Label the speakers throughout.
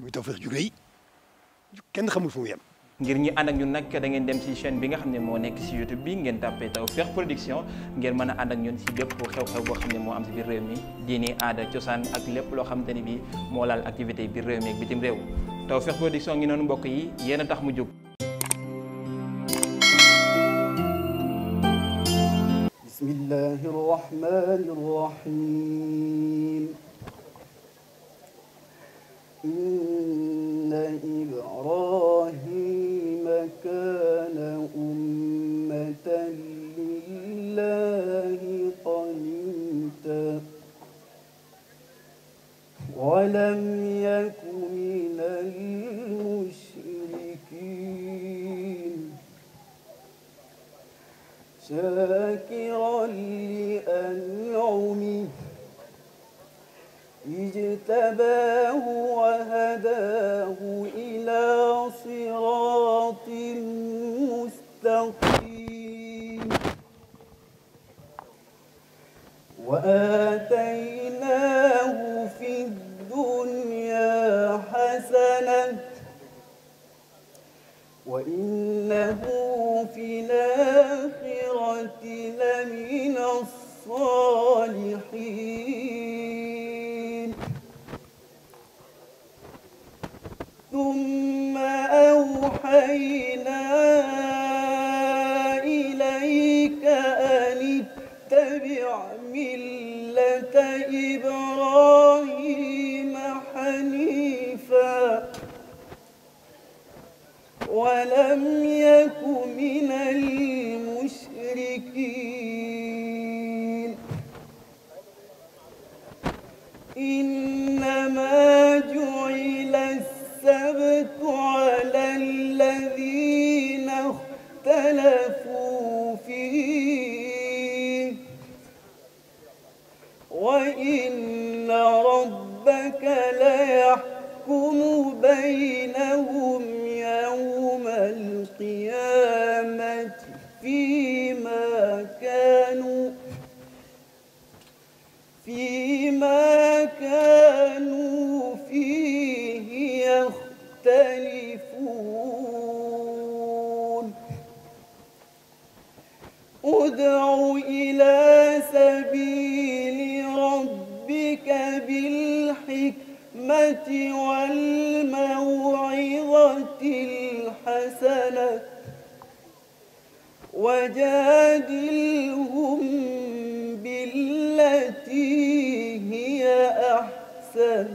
Speaker 1: muy Tawfekh ju rëy kenn xamul fu ñi ànd ak nag da dem ci chaîne bi nga xam ne moo nekk ci bi ngeen tàppee Tawfekh Production ngeen mën a ànd ak ñun ci bépp xew-xew boo xam ne moo am ci biir réew mi diini lépp loo xamante ni bi moo laal activité biir réew mi ak bitim réew Tawfekh Production ngi noonu mbokk yi yéen a tax mu jóg.
Speaker 2: bismillahi rahmani إبراهيم كان أمة لله قنيتا ولم يك من المشركين شاكرا لأنعمه اجتباه وهداه مستقيم وآتيناه في الدنيا حسنة وإنه في الآخرة لمن الصالحين ثم أوحينا ملة إبراهيم حنيفا ولم يك من المشركين إن وإن ربك ليحكم بينهم يوم القيامة فيما كانوا فيما كانوا فيه يختلفون وجادلهم بالتي هي أحسن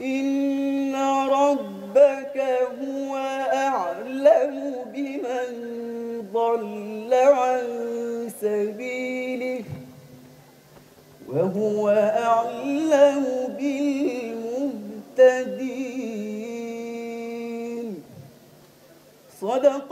Speaker 2: إن ربك هو أعلم بمن ضل عن سبيله وهو أعلم بالمهتدين صدق